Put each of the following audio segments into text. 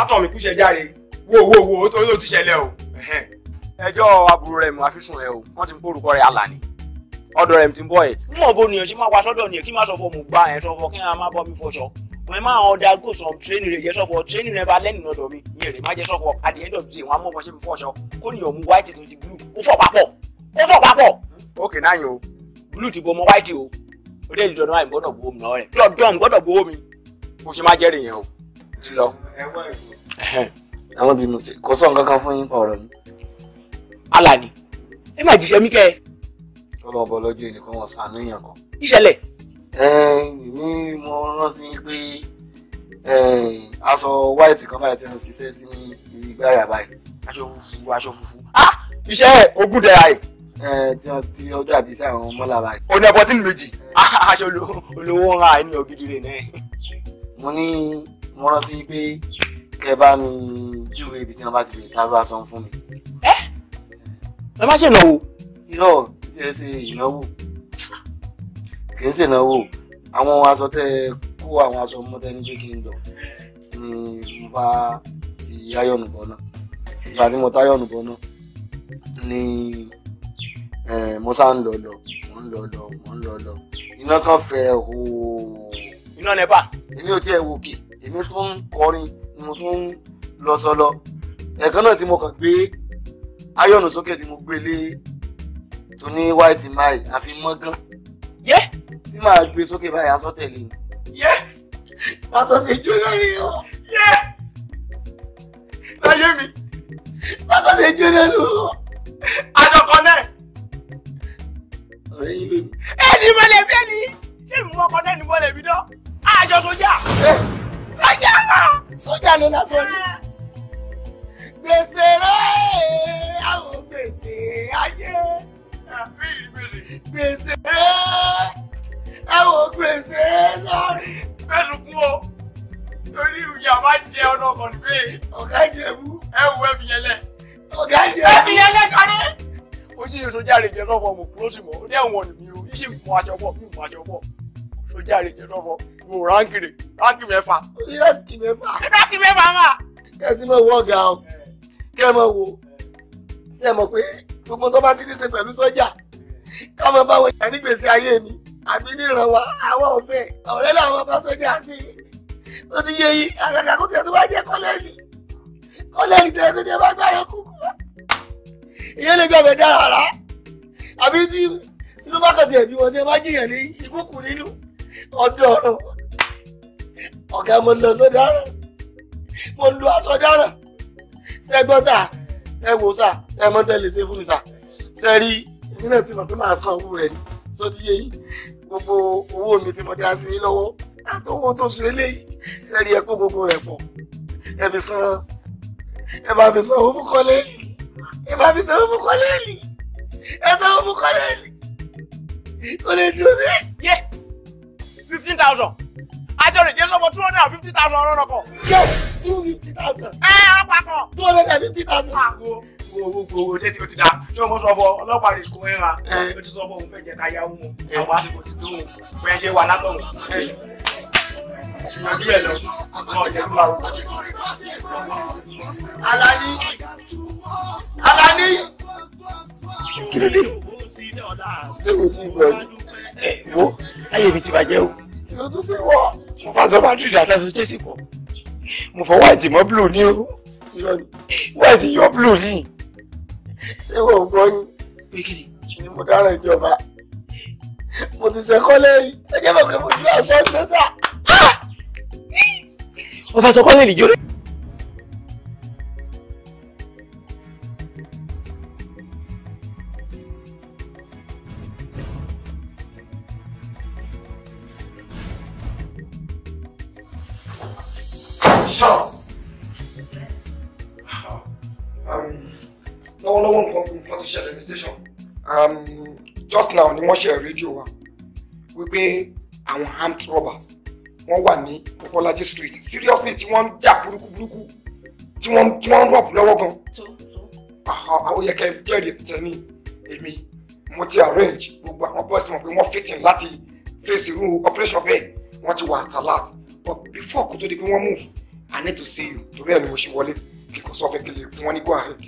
átọ̀ mi kú ṣe járe wo wo wo ó ti ṣẹlẹ̀ o ẹjọ́ aburú rẹ̀ mú àfisùn ẹ o wọ́n ti ń bórúkọ rẹ̀ àlàní ọ̀dọ̀ rẹ̀ ti ń bọ̀ ẹ̀ níwọ̀n bó nìyẹn ṣe máa wá sọ́dọ̀ nìyẹn kí má sọ fún mo gba ẹ̀ sọ fún kí n máa bọ́ mi fọṣọ mo máa ń ọ̀dà go some training rẹ̀ jẹ́ sọ́fọ̀ training rẹ̀ bá lẹ́nu lọ́dọ̀ mi mi rè má jẹ́ sọ́fọ̀ at the end of the day wọ́n á mọ̀ bọ́ ṣe mi fọṣọ kó nìyẹn mú white to di blue ó fọ̀ papọ̀ ó fọ̀ papọ̀. ok náà yìí o blue ti bo ọmọ white o ó dé ìdọ̀nà àìgbọ́dọ̀ gbowó mi lọ́wọ́ rẹ̀ lọ́dọ̀ mi gbọ́dọ̀ gbowó mi bó ṣe má jẹ́rìí yẹn o ti lọ àwọn bínú tí kò sọ nǹkan kan fún yín pa ọ̀rọ̀ mi. alani ẹ má jíṣẹ́ mi kẹ́ ẹ. ọlọ́run bọ lọ́jọ́ ẹnìkan wọn sànú èèyàn kan. ìṣẹ̀lẹ̀. èmi mo rán sí pé aṣọ white kan báyìí ti ń ṣiṣẹ́ sí ní ìgbà yàrá báyìí aṣọ funfun aṣọ funfun. iṣẹ́ ogun dẹ̀ ayé tí ọjọ́ àbí sí àwọn ọmọ làbá yìí. òní ọpọtí méjì aṣọ olówó ń ra ẹni ògidì rẹ̀ náà. mo ní mo rántí pé kẹ bá mi júwe ibi tí wọn bá ti lè dárú aṣọ fún mi. ẹ ẹ má ṣe ìnáwó. irọ́ tí ẹ ṣe ìnáwó kì í ṣe ìnáwó àwọn aṣọ tẹ kó àwọn aṣọ mọ́tẹ ní pé kí n lọ ni mo bá ti ayọ̀nù bọ̀ náà ìgbà tí mo táyọ̀nù bọ̀ náà ni mo sá ń lọ lọ mo ń lọ lọ mo ń lọ lọ iná kan fẹ́ hoo. iná nẹ́pà. èmi ò tiẹ̀ wò kì èmi tó ń kọrin ni mo tún ń lọ sọlọ ẹ̀ẹ̀kan náà tí mo kàn gbé ayọ̀nù sókè tí mo gbé lé tó ní white mile àfi mọ́gán yẹ́ tí màá gbé sókè báyìí aṣọ tẹ̀lé ni yẹ́ aṣọ sì jó lórí o yẹ́ láyé mi aṣọ sì jó lórí o aṣọ kan náà ọ̀rẹ́ yín lónìí. ẹ ní mọ̀lẹ́bí ẹni ṣé ìmú ọkọ náà mọ̀lẹ́bí náà àjọ ọjàrà sójà ló lásán ni gbèsè rẹ àwọn gbèsè ayé gbèsè rẹ àwọn gbèsè lórí. bẹ́ẹ̀ni kú o torí ìyá máa ń jẹ ọ̀nà ọkàn nígbè. ọ̀gá jẹ̀bú. ẹ wo ẹbí yẹn lẹ. ọ̀gá jẹ̀bú. ẹbí yẹn lẹ kárí. ó sì ń sójà rè jẹ́ lọ́fọ̀ọ́ mọ̀ kúrò sí mọ́ ó dẹ̀ wọ̀n mi o yíyí mọ̀ àjọpọ̀ mi mọ̀ àjọpọ̀ sójà rè jẹ́ lọ́fọ̀ọ́ mo ránkì rè ránkì mẹ́fà. ránkì mẹ́fà. ránkì mẹ́fà mà. kẹ́sì mọ̀ wọ́ ọ̀gá o kẹ́ ẹ mọ̀ wo sí ẹ mọ̀ pé gbogbo tó bá ti ní ṣe pẹ̀lú sọ́jà ká mọ̀ bá wọn ní gbèsè ayé mi àbí níran wa àwọn ọ̀fẹ́ ọ̀rẹ́ làwọn bá sọ́jà sí tó ti yé yí àgàgà kó tiẹ̀ tó bá jẹ́ kọ́lẹ́ẹ̀lì kọ́lẹ́ẹ̀lì tẹ̀ kó tiẹ̀ bá gbà yọ kúkú ìyẹn lè gbàgbẹ́ dára rà àbí tí inú bá kàn tiẹ̀ bí wọn tiẹ̀ bá jìyàn ní ìkúkú nínú ọdún ọ̀run ọ̀gá mo lọ sọ́dáràn mo lu aṣọ dáràn ṣẹgbọ́n sà ẹ wò sà ẹ mọ tẹ́lẹ̀ ṣe fún mi sà ṣe rí èmi náà ti mọ̀ pé màá san owó rẹ̀ ni tó ti yé yín gbogbo owó mi tí mo dá sí lọ́wọ́ àtọwọ́ tó sùn eléyìí ṣe rí ẹ kó gbogbo rẹ̀ pọ̀ ẹ fi san ẹ bá fi san owó fún kọ́lẹ́ẹ̀lì ẹ bá fi san owó fún kọ́lẹ́ẹ̀lì ẹ san owó fún kọ́lẹ́ẹ̀lì kò lè dúró bẹ́ẹ̀. fifteen thousand lè jẹ́ sọ́wọ́ two hundred and fifty thousand ọ̀rọ̀ ọ̀rọ̀ kan. yẹ two fifty thousand. ẹ ọ̀pọ̀ two hundred and fifty thousand. wo wo wo wo tẹ́tí o ti da ṣé o mọ̀ sọ fọ ọlọ́pàá rẹ̀ kún ẹ̀ra o ti sọ fọ òun fẹ́ jẹ́ táyà wọn àwọn àsìkò ti tó wọn fẹ́ ṣe wà látọ̀wọ̀. ìgbàdí ẹ̀ lọ wọn ò Alani Alani. kí ló dé tí mo ti gbọ́ ẹ wo ayé mi ti bàjẹ́ o ló tún sí wọ̀ mo bá sọ́ba dùn ìdá tẹ́sán jẹ́sì pọ̀ mo fọ white mọ́ blue ní o irọ́ ni white yọ blue ní ṣé wọ́n gbọ́ ni pé kí ni mo dára ìjọba mo ti ṣẹkọ́ lẹ́yìn ẹ jẹ́ bọ̀ pé mo ti aṣọ ìgbésà. mo fà sọkọ́ lẹ́yìn ìjọ́rẹ́. Ah, um, no, no one come nǹkan ti in the station Um, just now you watch ṣe radio. We wípé our armed robbers One one me, Popolaji street seriously you want jack? jà burúkú you want wọ́n tí wọ́n ń rọ̀b Ah, I will yẹ kẹ́ jẹ́rìí tẹ̀ ní èmi mo ti arrange gbogbo àwọn boys mọ̀ pé wọ́n fitting lati face irú operation bẹ́ẹ̀ wọ́n ti wà a lot? but before we do the pé wọ́n move I need to see you. Torí ẹ̀ ni mo ṣe wọlé kí kò sọ fẹ́ kí go ahead.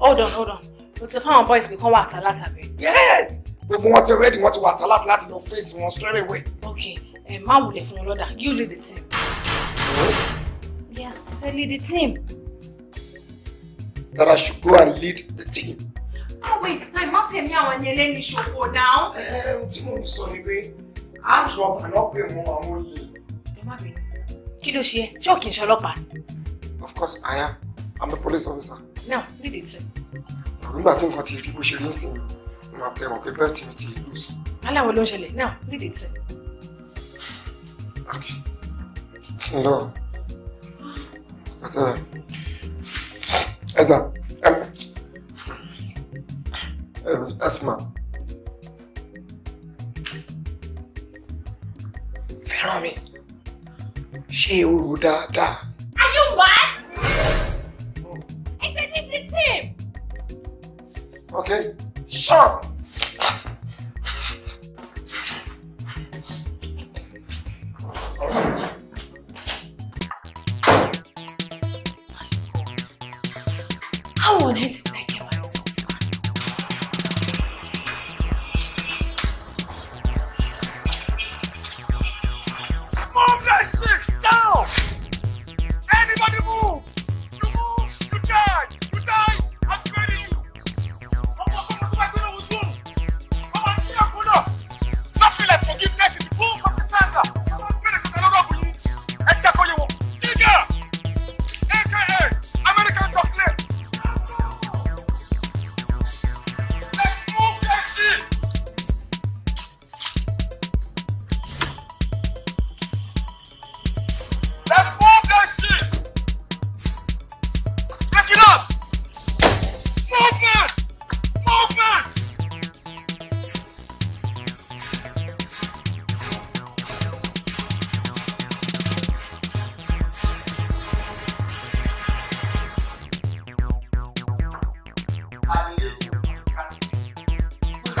Hold on, hold on. Mo ti fáwọn boys mi kán wà àtàlà tàbí. Yes! Gbogbo wọn ti ready, wọ́n ti wà Lot láti lọ face wọn straight away. Okay, ẹ̀ má wulẹ̀ fún wọn lọ́dà. You lead the team. Yeah, so lead the team. That I should go and lead the team. Oh wait, time má fẹ̀mí àwọn ẹni ẹlẹ́ni ṣòfò now. Ẹ eh, ẹ tí mo sorry, ni I'm sure I'm not paying more, I'm only. Ẹ má kí ló ṣe ẹ́ ṣọ́ọ̀kì ń ṣe ọlọ́pàá. of course i am i'm the police officer. now read it. nígbà tí nǹkan ti rí bó ṣe rí sí i máa tẹ̀ wọ́n pé bẹ́ẹ̀ tí mi ti lose. aláwọ̀ ló ń ṣẹlẹ̀ now read it. okay no ẹ̀sà ẹ̀sà ẹ̀sìmà. fẹ́ràn mi. She orò Are you what? Oh. It's a different team. Okay, sure. How on earth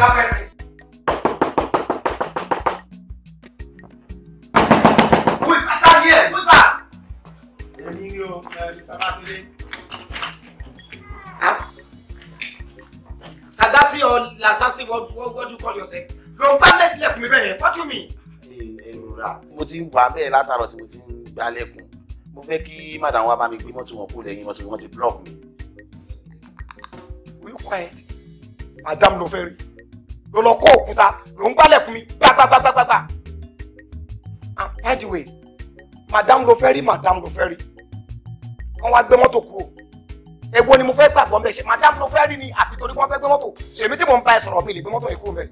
that person. Who is that here? Who is that? Èmi o, Mr. Makinde. Sadasi or Lasasi, what, what, what do you call yourself? Yorùbá lẹ́kùn mi bẹ́ẹ̀ yẹn, what do you mean? Èròra, mo ti ń wà bẹ́ẹ̀ látàrọ̀ tí mo ti ń gbálẹ̀kùn. Mo fẹ́ kí madam wa bá mi gbé mọ́tò wọn kúrò lẹ́yìn block mi. Will you quiet? Madam Loferi. fẹ́ ló lọ kó òkúta ló ń gbálẹ̀kùn mi gbàgbàgbàgbàgbà ah, by the way madam ló fẹ́ rí madam ló fẹ́ rí kán wá gbé mọ́tò kúrò èwo ni mo fẹ́ gbàgbọ́ mbẹ́ ṣe madam ló fẹ́ rí ni àbí torí wọ́n fẹ́ gbé mọ́tò ṣèmi tí mò ń bá ẹ sọ̀rọ̀ mi lè gbé mọ́tò yìí kúrò mbẹ́.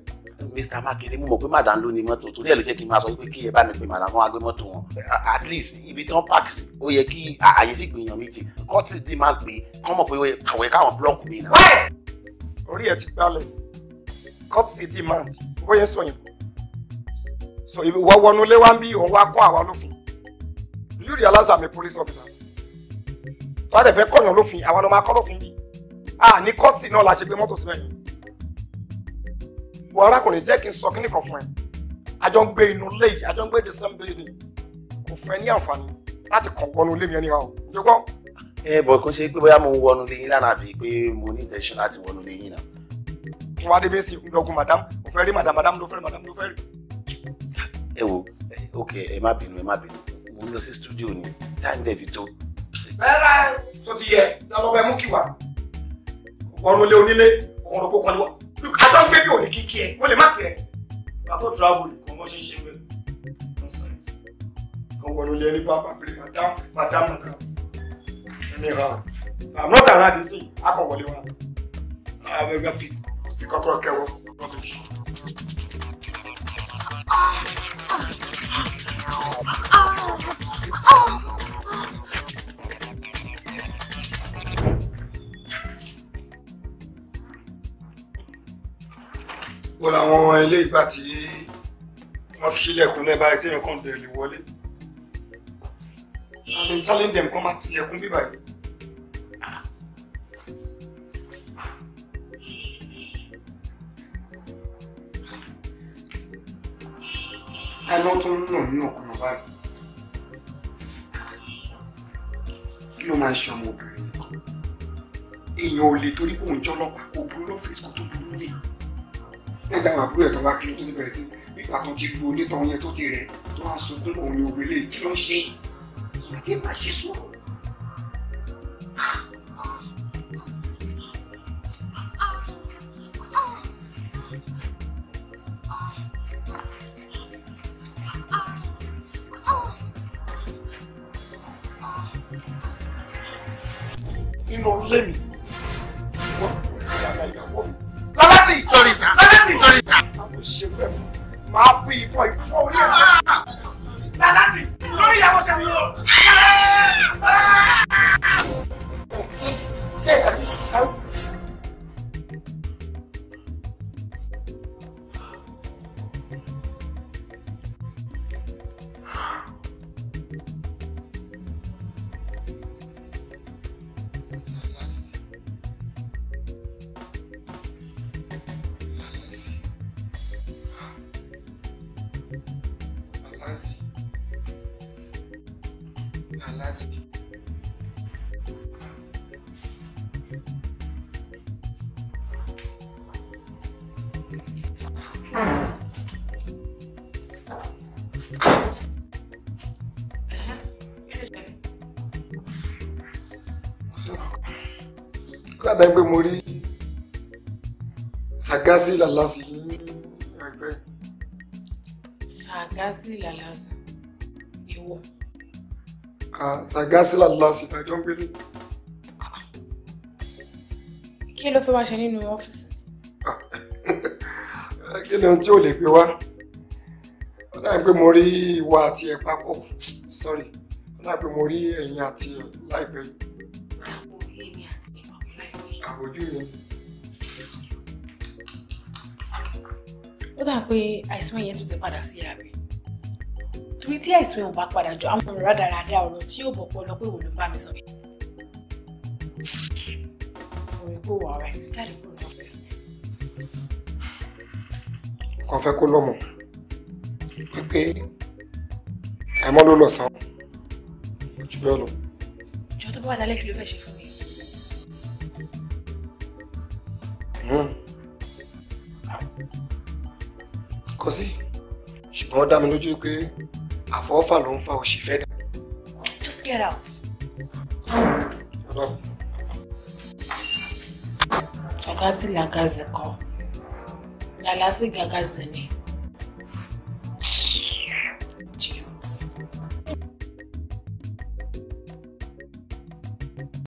Mr. Makinde mo mọ̀ pé madam ló ní mọ́tò torí ẹ̀ ló jẹ́ kí n máa sọ pé kí ẹ bá mi pè madam wọn á gbé wọn at least ibi tán park sí ó yẹ kí àyè sì gbìyàn méjì kọ́ọ̀tì dì máa gbé kán mọ̀ pé kàwé káwọn blọọkù mi náà. orí ẹ ti gbálẹ̀ courtesy demand bó yẹn sọ yẹn so ibi wọ́n wọnú lé wá ń bí òun wá kọ́ àwa lófin you realize I'm a police officer tó a dẹ̀ fẹ́ kọ̀yàn lófin àwa ló máa kọ́ lófin bí Ah, ní courtesy náà la ṣe gbé mọ́tò sí mẹ́rin wọ arákùnrin jẹ́ kí n sọ kíní kan fún ẹ àjọ ń gbé inú lé yìí àjọ ń gbé the same building kò fẹ́ ní àǹfààní láti kàn wọnú lé mi ẹni wa o ǹjẹ́ gbọ́. ẹ bọ̀ kó ṣe pé bóyá mo ń wọnú lé yín lánàá àbí pé mo ní intention láti wọnú lé yín náà tí wàá débé sí ìgbọ̀kùn madam mo fẹ́ rí madam madam ló fẹ́ rí madam ló fẹ́ rí. ẹ wo ok ẹ má bínú ẹ má bínú mo lọ sí studio ni time dẹ̀ ti tó. rárá tó ti yẹ lọ́lọ́bẹ̀ mú kí wa ọ̀run lé onílé ọ̀run òpó kan ni wọ́n àtọ́ gbé bí òní kíkí ẹ̀ ó lè má kí ẹ̀ bàbá tó travel kò mọ́ ṣe ń ṣe pé nonsense kan wọ̀run lé ẹni bá bá pé madam madam madam ẹni ra i'm not around this thing akọ̀wọlé wa i'm gonna fit fi kọ́kọ́ kẹwọ́ wọ́n ti sùn. wọ́n làwọn ilé ìgbà tí wọ́n fi sílẹ̀kùn lẹ́ báyìí tí èèyàn kàn dẹ̀ lè wọlé. and then telling them come out tilẹ̀kùn bíbáyìí. Táná tó ń nà nínú ọ̀kùnà báyìí. Kí ló máa ń ṣe ọmọbìnrin? Èèyàn ò lè torí kóun jọ́ ọlọ́pàá kó burú lọ́fíìsì kó tó burú lè. Nígbà àwọn àbúrò ẹ̀ tó bá kí ló tó ti bẹ̀rẹ̀ sí pípa tó ti lu onítọ̀ yẹn tó ti rẹ̀ tó wá sunkún òun ni òwe lè kí ló ń ṣe. Àti ìpàṣẹ sọ̀rọ̀. nínú ilé mi. Lọ́lásì ìtọ́rì sá. Lọ́lásì ìtọ́rì sá. Àwọn òṣìṣẹ́ fẹ́ fún máa fi ìbọn ìfọ́ orí ẹ̀. Lọ́lásì ah! ìtọ́rì ìyàwó tẹ̀lé dàbẹ pé mo rí sagasi lalasi ní ẹgbẹ́. sagasi lalasi ìwọ. sagasi lalasi tàjọ ń gbélé. kí ló fẹ́ wá ṣe nínú ọ́fíìsì. kí ni ohun tí ò lè gbé wá ó dàbí pé mo rí ìwà àti ẹ̀ papọ̀ sorry ó dàbí pé mo rí ẹ̀yìn ati ẹ̀ láìpẹ́ àpèjúwe. ó dà pé àìsàn yẹn tún ti padà sí àbí torí tí àìsàn yẹn ò bá padà jọ àwọn ọ̀rọ̀ rádaràda ọ̀rọ̀ tí yóò bọ̀ pọ̀ lọ pé wò ló ń bá mi sọ yìí. ọ̀rẹ́ kò wà ọ̀rẹ́ ti jáde kúrò náà fẹsẹ̀. kàn fẹ́ kó lọ́mọ wípé àìmọ́ ló lọ sàn án jù bẹ́ẹ̀ lọ. ìjọ tó bá wà dálẹ́ kí ló fẹ́ ṣe fún kò sí ṣùgbọ́n ó dá mi lójú pé àfọwọ́fà ló ń fa òṣì fẹ́ just get out. ọ̀gá làgàzì kọ́ làlásì gàgàzì ni.